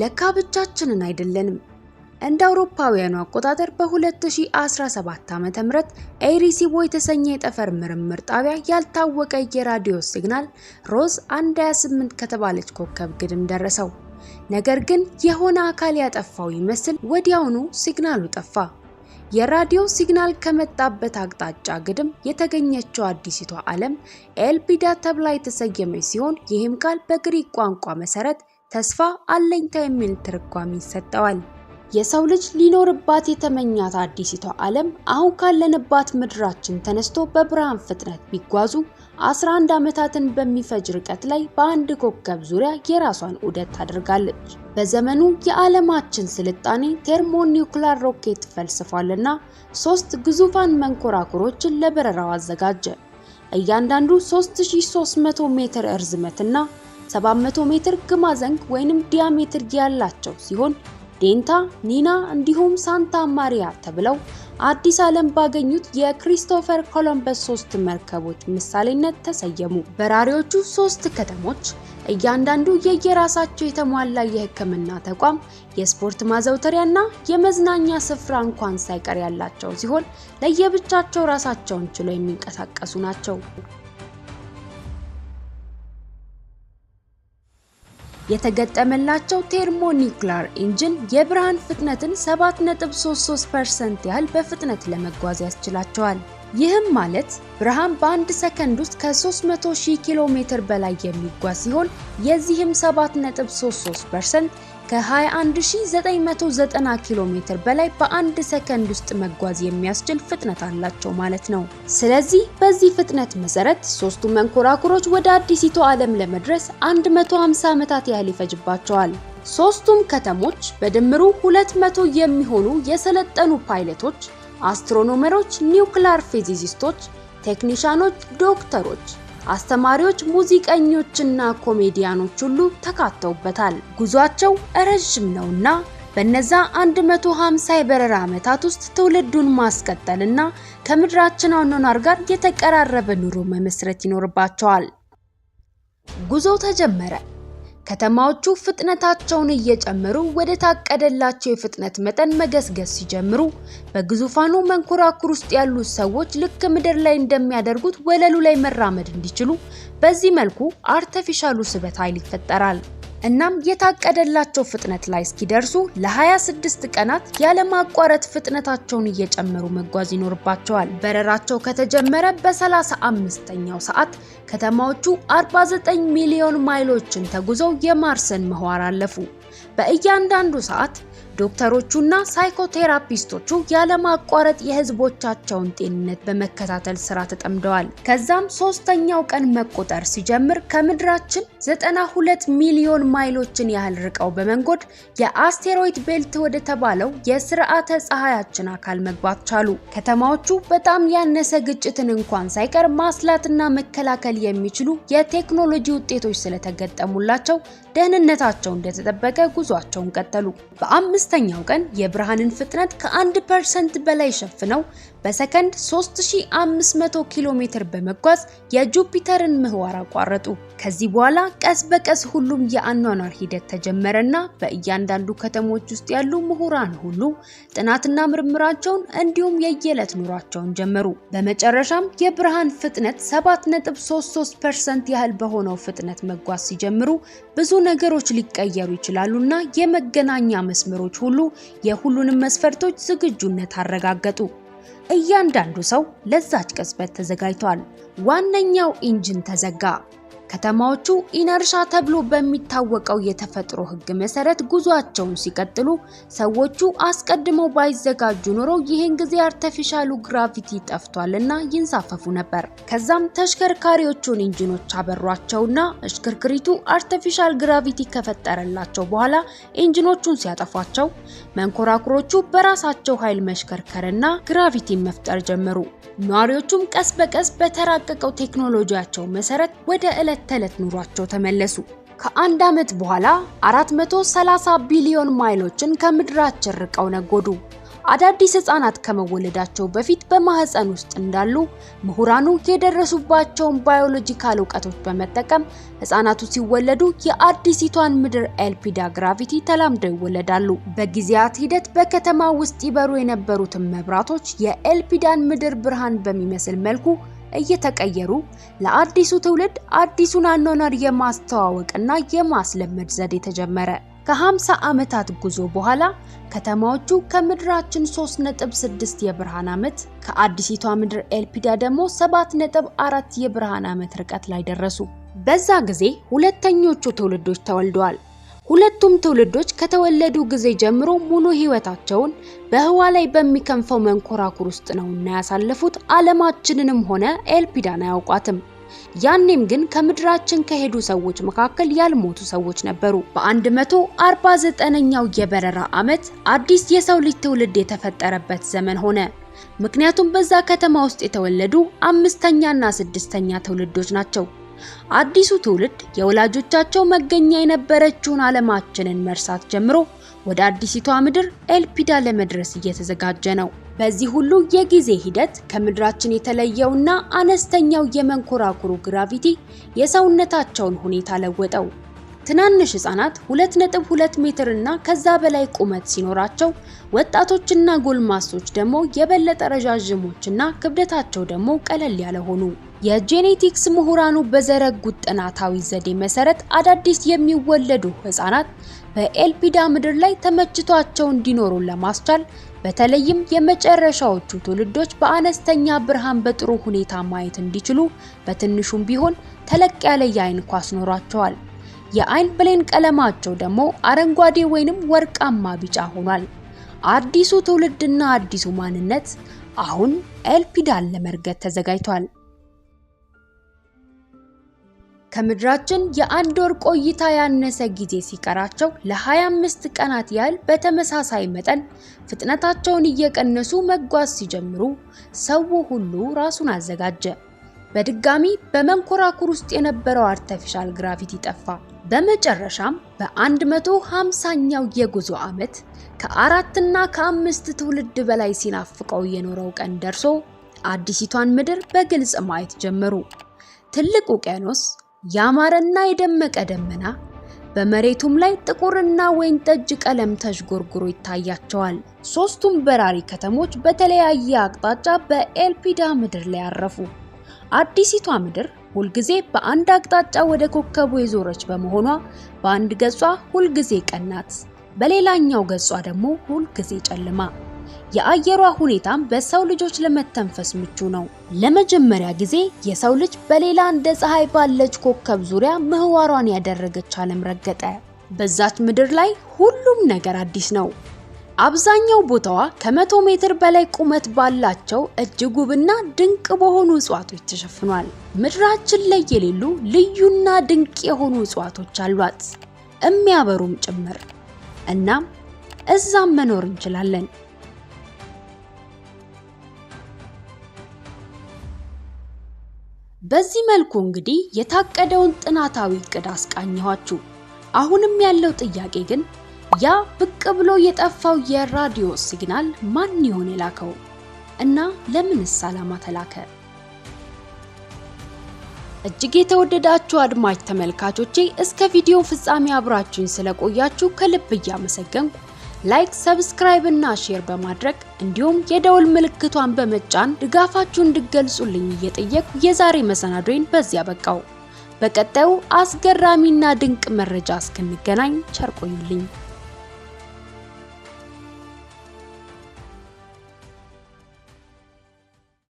ለካ ብቻችንን አይደለንም። እንደ አውሮፓውያኑ አቆጣጠር በ2017 ዓ.ም ኤሪሲቦ የተሰኘ የጠፈር ምርምር ጣቢያ ያልታወቀ የራዲዮ ሲግናል ሮዝ 128 ከተባለች ኮከብ ግድም ደረሰው። ነገር ግን የሆነ አካል ያጠፋው ይመስል ወዲያውኑ ሲግናሉ ጠፋ። የራዲዮ ሲግናል ከመጣበት አቅጣጫ ግድም የተገኘችው አዲሲቷ ዓለም ኤልፒዳ ተብላ የተሰየመች ሲሆን ይህም ቃል በግሪክ ቋንቋ መሰረት ተስፋ፣ አለኝታ የሚል ትርጓሜ ይሰጠዋል። የሰው ልጅ ሊኖርባት የተመኛት አዲሲቷ ዓለም አሁን ካለንባት ምድራችን ተነስቶ በብርሃን ፍጥነት ቢጓዙ 11 ዓመታትን በሚፈጅ ርቀት ላይ በአንድ ኮከብ ዙሪያ የራሷን ዑደት ታደርጋለች። በዘመኑ የዓለማችን ስልጣኔ ቴርሞኒውክላር ሮኬት ፈልስፏልና ሶስት ግዙፋን መንኮራኩሮችን ለበረራው አዘጋጀ። እያንዳንዱ 3300 ሜትር እርዝመትና 700 ሜትር ግማዘንግ ወይንም ዲያሜትር ያላቸው ሲሆን ዴንታ፣ ኒና እንዲሁም ሳንታ ማሪያ ተብለው አዲስ ዓለም ባገኙት የክሪስቶፈር ኮሎምበስ ሶስት መርከቦች ምሳሌነት ተሰየሙ። በራሪዎቹ ሶስት ከተሞች እያንዳንዱ የየራሳቸው የተሟላ የሕክምና ተቋም፣ የስፖርት ማዘውተሪያና የመዝናኛ ስፍራ እንኳን ሳይቀር ያላቸው ሲሆን ለየብቻቸው ራሳቸውን ችለው የሚንቀሳቀሱ ናቸው። የተገጠመላቸው ቴርሞኒክላር ኢንጂን የብርሃን ፍጥነትን 7.33% ያህል በፍጥነት ለመጓዝ ያስችላቸዋል። ይህም ማለት ብርሃን በአንድ ሰከንድ ውስጥ ከ300 ሺህ ኪሎ ሜትር በላይ የሚጓዝ ሲሆን የዚህም 7.33% ከ21990 ኪሎ ሜትር በላይ በአንድ ሰከንድ ውስጥ መጓዝ የሚያስችል ፍጥነት አላቸው ማለት ነው። ስለዚህ በዚህ ፍጥነት መሰረት ሶስቱ መንኮራኩሮች ወደ አዲሲቱ ዓለም ለመድረስ 150 ዓመታት ያህል ይፈጅባቸዋል። ሶስቱም ከተሞች በድምሩ 200 የሚሆኑ የሰለጠኑ ፓይለቶች፣ አስትሮኖመሮች፣ ኒውክሊየር ፊዚሲስቶች፣ ቴክኒሻኖች፣ ዶክተሮች አስተማሪዎች፣ ሙዚቀኞችና ኮሜዲያኖች ሁሉ ተካተውበታል። ጉዟቸው ረዥም ነውና በነዛ 150 የበረራ ዓመታት ውስጥ ትውልዱን ማስቀጠልና ከምድራችን አኗኗር ጋር የተቀራረበ ኑሮ መመስረት ይኖርባቸዋል። ጉዞ ተጀመረ። ከተማዎቹ ፍጥነታቸውን እየጨመሩ ወደ ታቀደላቸው የፍጥነት መጠን መገስገስ ሲጀምሩ በግዙፋኑ መንኮራኩር ውስጥ ያሉት ሰዎች ልክ ምድር ላይ እንደሚያደርጉት ወለሉ ላይ መራመድ እንዲችሉ በዚህ መልኩ አርተፊሻሉ ስበት ኃይል ይፈጠራል። እናም የታቀደላቸው ፍጥነት ላይ እስኪደርሱ ለ26 ቀናት ያለማቋረጥ ፍጥነታቸውን እየጨመሩ መጓዝ ይኖርባቸዋል። በረራቸው ከተጀመረ በ35ኛው ሰዓት ከተማዎቹ 49 ሚሊዮን ማይሎችን ተጉዘው የማርስን ምህዋር አለፉ። በእያንዳንዱ ሰዓት ዶክተሮቹና ሳይኮቴራፒስቶቹ ያለማቋረጥ የህዝቦቻቸውን ጤንነት በመከታተል ስራ ተጠምደዋል። ከዛም ሶስተኛው ቀን መቆጠር ሲጀምር ከምድራችን 92 ሚሊዮን ማይሎችን ያህል ርቀው በመንጎድ የአስቴሮይድ ቤልት ወደ ተባለው የስርዓተ ፀሐያችን አካል መግባት ቻሉ። ከተማዎቹ በጣም ያነሰ ግጭትን እንኳን ሳይቀር ማስላትና መከላከል የሚችሉ የቴክኖሎጂ ውጤቶች ስለተገጠሙላቸው ደህንነታቸው እንደተጠበቀ ጉዟቸውን ቀጠሉ። በአምስት በአምስተኛው ቀን የብርሃንን ፍጥነት ከአንድ ፐርሰንት በላይ ሸፍነው በሰከንድ 3500 ኪሎ ሜትር በመጓዝ የጁፒተርን ምህዋር አቋረጡ። ከዚህ በኋላ ቀስ በቀስ ሁሉም የአኗኗር ሂደት ተጀመረና በእያንዳንዱ ከተሞች ውስጥ ያሉ ምሁራን ሁሉ ጥናትና ምርምራቸውን እንዲሁም የየዕለት ኑሯቸውን ጀመሩ። በመጨረሻም የብርሃን ፍጥነት 7.33% ያህል በሆነው ፍጥነት መጓዝ ሲጀምሩ ብዙ ነገሮች ሊቀየሩ ይችላሉና የመገናኛ መስመሮች ሁሉ የሁሉንም መስፈርቶች ዝግጁነት አረጋገጡ። እያንዳንዱ ሰው ለዛች ቅጽበት ተዘጋጅቷል። ዋነኛው ኢንጂን ተዘጋ። ከተማዎቹ ኢነርሻ ተብሎ በሚታወቀው የተፈጥሮ ሕግ መሰረት ጉዟቸውን ሲቀጥሉ ሰዎቹ አስቀድመው ባይዘጋጁ ኖሮ ይህን ጊዜ አርተፊሻሉ ግራቪቲ ጠፍቷልና ይንሳፈፉ ነበር። ከዛም ተሽከርካሪዎቹን ኢንጂኖች አበሯቸውና እሽክርክሪቱ አርተፊሻል ግራቪቲ ከፈጠረላቸው በኋላ ኢንጂኖቹን ሲያጠፏቸው መንኮራኩሮቹ በራሳቸው ኃይል መሽከርከርና ግራቪቲን መፍጠር ጀመሩ። ነዋሪዎቹም ቀስ በቀስ በተራቀቀው ቴክኖሎጂያቸው መሰረት ወደ ዕለት ተዕለት ኑሯቸው ተመለሱ። ከአንድ ዓመት በኋላ 430 ቢሊዮን ማይሎችን ከምድራችን ርቀው ነጎዱ። አዳዲስ ህፃናት ከመወለዳቸው በፊት በማህፀን ውስጥ እንዳሉ ምሁራኑ የደረሱባቸውን ባዮሎጂካል እውቀቶች በመጠቀም ህፃናቱ ሲወለዱ የአዲሲቷን ምድር ኤልፒዳ ግራቪቲ ተላምደው ይወለዳሉ። በጊዜያት ሂደት በከተማ ውስጥ ይበሩ የነበሩትን መብራቶች የኤልፒዳን ምድር ብርሃን በሚመስል መልኩ እየተቀየሩ ለአዲሱ ትውልድ አዲሱን አኗኗር የማስተዋወቅና የማስለመድ ዘዴ ተጀመረ። ከ50 ዓመታት ጉዞ በኋላ ከተማዎቹ ከምድራችን 3.6 የብርሃን ዓመት ከአዲሲቷ ምድር ኤልፒዳ ደግሞ 7.4 የብርሃን ዓመት ርቀት ላይ ደረሱ። በዛ ጊዜ ሁለተኞቹ ትውልዶች ተወልደዋል። ሁለቱም ትውልዶች ከተወለዱ ጊዜ ጀምሮ ሙሉ ህይወታቸውን በህዋ ላይ በሚከንፈው መንኮራኩር ውስጥ ነው እና ያሳለፉት። ዓለማችንንም ሆነ ኤልፒዳን አያውቋትም። ያኔም ግን ከምድራችን ከሄዱ ሰዎች መካከል ያልሞቱ ሰዎች ነበሩ። በ149ኛው የበረራ ዓመት አዲስ የሰው ልጅ ትውልድ የተፈጠረበት ዘመን ሆነ። ምክንያቱም በዛ ከተማ ውስጥ የተወለዱ አምስተኛና ስድስተኛ ትውልዶች ናቸው። አዲሱ ትውልድ የወላጆቻቸው መገኛ የነበረችውን ዓለማችንን መርሳት ጀምሮ ወደ አዲሲቷ ምድር ኤልፒዳ ለመድረስ እየተዘጋጀ ነው። በዚህ ሁሉ የጊዜ ሂደት ከምድራችን የተለየውና አነስተኛው የመንኮራኩሩ ግራቪቲ የሰውነታቸውን ሁኔታ ለወጠው። ትናንሽ ህጻናት 2.2 ሜትር እና ከዛ በላይ ቁመት ሲኖራቸው፣ ወጣቶችና ጎልማሶች ደግሞ የበለጠ ረዣዥሞች እና ክብደታቸው ደግሞ ቀለል ያለ ሆኑ። የጄኔቲክስ ምሁራኑ በዘረጉት ጥናታዊ ዘዴ መሰረት አዳዲስ የሚወለዱ ህጻናት በኤልፒዳ ምድር ላይ ተመችቷቸው እንዲኖሩ ለማስቻል በተለይም የመጨረሻዎቹ ትውልዶች በአነስተኛ ብርሃን በጥሩ ሁኔታ ማየት እንዲችሉ በትንሹም ቢሆን ተለቅ ያለ የአይን ኳስ ኖሯቸዋል። የአይን ብሌን ቀለማቸው ደግሞ አረንጓዴ ወይንም ወርቃማ ቢጫ ሆኗል። አዲሱ ትውልድና አዲሱ ማንነት አሁን ኤልፒዳን ለመርገጥ ተዘጋጅቷል። ከምድራችን የአንድ ወር ቆይታ ያነሰ ጊዜ ሲቀራቸው ለ25 ቀናት ያህል በተመሳሳይ መጠን ፍጥነታቸውን እየቀነሱ መጓዝ ሲጀምሩ ሰው ሁሉ ራሱን አዘጋጀ። በድጋሚ በመንኮራኩር ውስጥ የነበረው አርተፊሻል ግራቪቲ ጠፋ። በመጨረሻም በ150ኛው የጉዞ ዓመት ከአራትና ከአምስት ትውልድ በላይ ሲናፍቀው የኖረው ቀን ደርሶ አዲሲቷን ምድር በግልጽ ማየት ጀመሩ። ትልቅ ውቅያኖስ ያማረና የደመቀ ደመና በመሬቱም ላይ ጥቁርና ወይን ጠጅ ቀለም ተዥጎርጉሮ ይታያቸዋል። ሦስቱም በራሪ ከተሞች በተለያየ አቅጣጫ በኤልፒዳ ምድር ላይ አረፉ። አዲሲቷ ምድር ሁልጊዜ በአንድ አቅጣጫ ወደ ኮከቡ የዞረች በመሆኗ በአንድ ገጿ ሁልጊዜ ቀናት፣ በሌላኛው ገጿ ደግሞ ሁልጊዜ ጨለማ። የአየሯ ሁኔታም በሰው ልጆች ለመተንፈስ ምቹ ነው። ለመጀመሪያ ጊዜ የሰው ልጅ በሌላ እንደ ፀሐይ ባለች ኮከብ ዙሪያ ምህዋሯን ያደረገች ዓለም ረገጠ። በዛች ምድር ላይ ሁሉም ነገር አዲስ ነው። አብዛኛው ቦታዋ ከመቶ ሜትር በላይ ቁመት ባላቸው እጅግ ውብና ድንቅ በሆኑ እጽዋቶች ተሸፍኗል። ምድራችን ላይ የሌሉ ልዩና ድንቅ የሆኑ እጽዋቶች አሏት፣ የሚያበሩም ጭምር። እናም እዛም መኖር እንችላለን። በዚህ መልኩ እንግዲህ የታቀደውን ጥናታዊ እቅድ አስቃኘኋችሁ። አሁንም ያለው ጥያቄ ግን ያ ብቅ ብሎ የጠፋው የራዲዮ ሲግናል ማን ይሆን የላከው እና ለምንስ ዓላማ ተላከ? እጅግ የተወደዳችሁ አድማጭ ተመልካቾቼ እስከ ቪዲዮ ፍጻሜ አብራችሁኝ ስለቆያችሁ ከልብ እያመሰገንኩ ላይክ፣ ሰብስክራይብ እና ሼር በማድረግ እንዲሁም የደውል ምልክቷን በመጫን ድጋፋችሁን እንድገልጹልኝ እየጠየቅኩ የዛሬ መሰናዶዬን በዚህ አበቃው። በቀጣዩ አስገራሚና ድንቅ መረጃ እስክንገናኝ ቸር ቆዩልኝ።